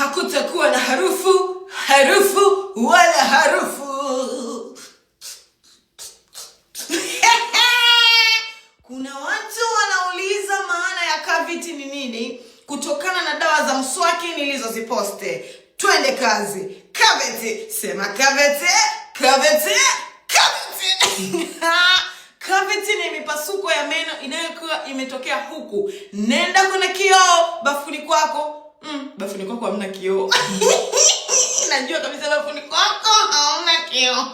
hakutakuwa na harufu harufu wala harufu. Kuna watu wanauliza maana ya kaviti ni nini kutokana na dawa za mswaki nilizoziposte. Twende kazi. CAVIT, sema CAVIT, CAVIT, CAVIT. CAVIT ni mipasuko ya meno inayokuwa imetokea huku. Nenda kuna kioo bafuni kwako Mm, bafuni kwako hamna kioo. Najua kabisa bafuni kwako hamna kioo.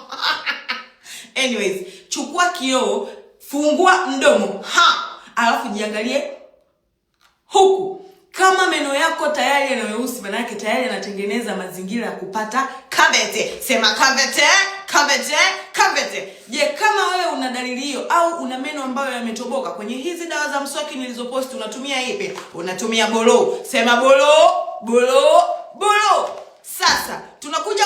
Anyways, chukua kioo, fungua mdomo. Ha, alafu jiangalie huku. Kama meno yako tayari yana weusi, maana yake tayari yanatengeneza mazingira ya kupata kavete. Sema kavete, kavete, kavete. Je, kama wewe una dalili hiyo au una meno ambayo yametoboka, kwenye hizi dawa za mswaki nilizoposti unatumia ipi? Unatumia bolo. Sema bolo, bolo, bolo. Sasa tunakuja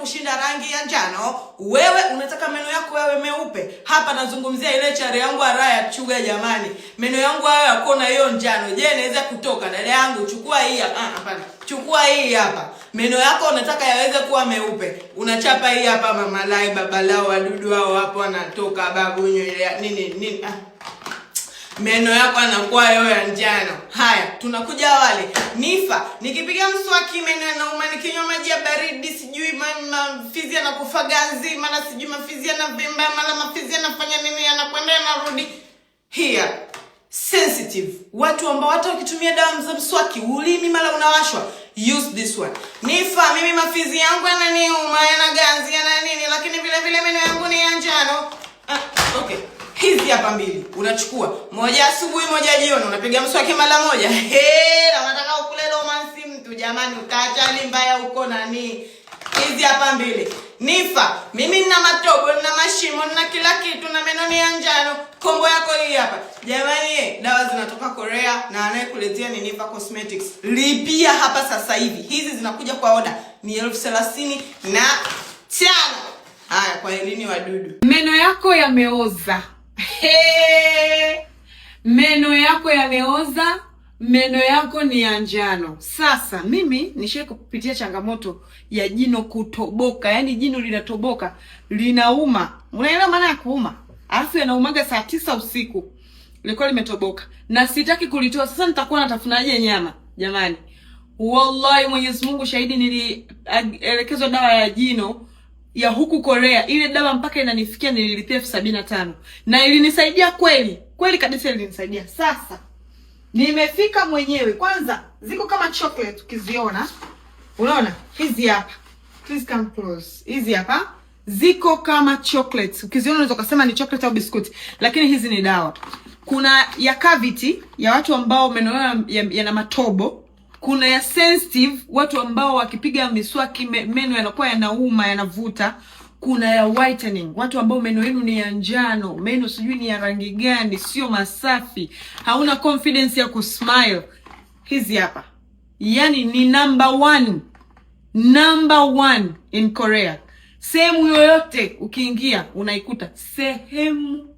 kushinda rangi ya njano, wewe unataka meno yako yawe meupe. Hapa nazungumzia ile chare yangu araya ya chuga, jamani, meno yangu hayo na hiyo njano. Je, inaweza kutoka? Dada yangu, chukua hii hapa. Ah, hapana, chukua hii hapa. Meno yako unataka yaweze kuwa meupe, unachapa hii hapa. Mamalai, babalao, wadudu hao hapo wanatoka, babu nini nini, ah meno yako yanakuwa yao ya njano. Haya, tunakuja wale nifa, nikipiga mswaki meno yanauma, nikinywa maji ya baridi sijui mafizi yanakufa ganzi, mara sijui mafizi yanavimba, mara mafizi yanafanya nini, yanakwenda yanarudi. Here sensitive watu ambao hata wakitumia dawa za mswaki ulimi mara unawashwa. Use this one. Nifa, mimi mafizi yangu yananiuma, yana ganzi, yana nini, lakini vile vile meno yangu ni ya njano. Ah, okay hizi hapa mbili unachukua moja asubuhi moja jioni, unapiga mswaki mara moja. Na nataka ukule romance mtu jamani, utaachali mbaya huko nani. Hizi hapa mbili nifa, mimi nina matogo, nina mashimo nina kila kitu na meno ya njano, kombo yako hii hapa jamani. Eh, dawa zinatoka Korea na anayekuletea ni Nifa Cosmetics. Lipia hapa sasa hivi, hizi zinakuja kwa oda ni elfu thelathini na tano. Haya, kwa elini wadudu, meno yako yameoza. He, meno yako yameoza, meno yako ni ya njano. Sasa mimi nishie kupitia changamoto ya jino kutoboka, yaani jino linatoboka linauma, unaelewa maana ya kuuma, alafu yanaumaga saa tisa usiku, lilikuwa limetoboka na sitaki kulitoa. Sasa nitakuwa natafunaje nyama jamani? Wallahi, Mwenyezi Mungu shahidi, nilielekezwa dawa ya jino ya huku Korea, ile dawa mpaka inanifikia nililipia elfu sabini na tano na ilinisaidia kweli kweli kabisa, ilinisaidia. Sasa nimefika mwenyewe, kwanza ziko kama chocolate, ukiziona unaona hizi hapa, please come close, hizi hapa ziko kama chocolate, ukiziona unaweza kusema ni chocolate au biscuit, lakini hizi ni dawa. Kuna ya cavity ya watu ambao meno yao yana matobo kuna ya sensitive, watu ambao wakipiga miswaki meno yanakuwa yanauma yanavuta. Kuna ya whitening, watu ambao meno yenu ni ya njano, meno sijui ni ya rangi gani, sio masafi, hauna confidence ya kusmile. Hizi hapa yani ni number one, number one in Korea. Sehemu yoyote ukiingia unaikuta, sehemu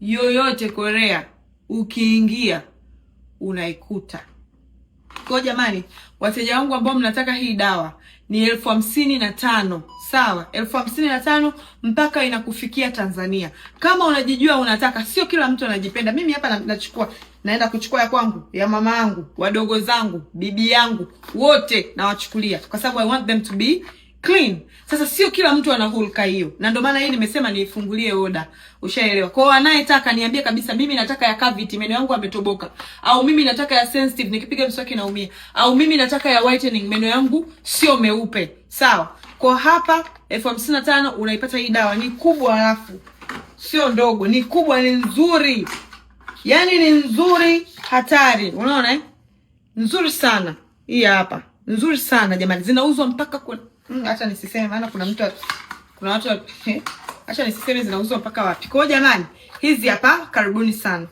yoyote Korea ukiingia unaikuta. Kwa jamani, wateja wangu ambao mnataka hii dawa ni elfu hamsini na tano sawa, elfu hamsini na tano mpaka inakufikia Tanzania. Kama unajijua unataka, sio kila mtu anajipenda. Mimi hapa nachukua, naenda kuchukua ya kwangu, ya mama yangu, wadogo zangu, bibi yangu, wote nawachukulia kwa sababu I want them to be clean. Sasa sio kila mtu ana hulka hiyo, na ndio maana hii nimesema niifungulie oda, ushaelewa. Kwao anayetaka niambie kabisa, mimi nataka ya cavity, meno yangu yametoboka, au mimi nataka ya sensitive, nikipiga mswaki naumia, au mimi nataka ya whitening, meno yangu sio meupe, sawa. Kwa hapa elfu hamsini na tano unaipata hii dawa, ni kubwa alafu sio ndogo, ni kubwa, ni nzuri, yani ni nzuri hatari, unaona eh? Nzuri sana hii hapa, nzuri sana jamani, zinauzwa mpaka kwa Mm, acha nisiseme, maana kuna mtu kuna watu acha nisiseme zinauzwa mpaka wapi. Kwa jamani, hizi hapa, karibuni sana.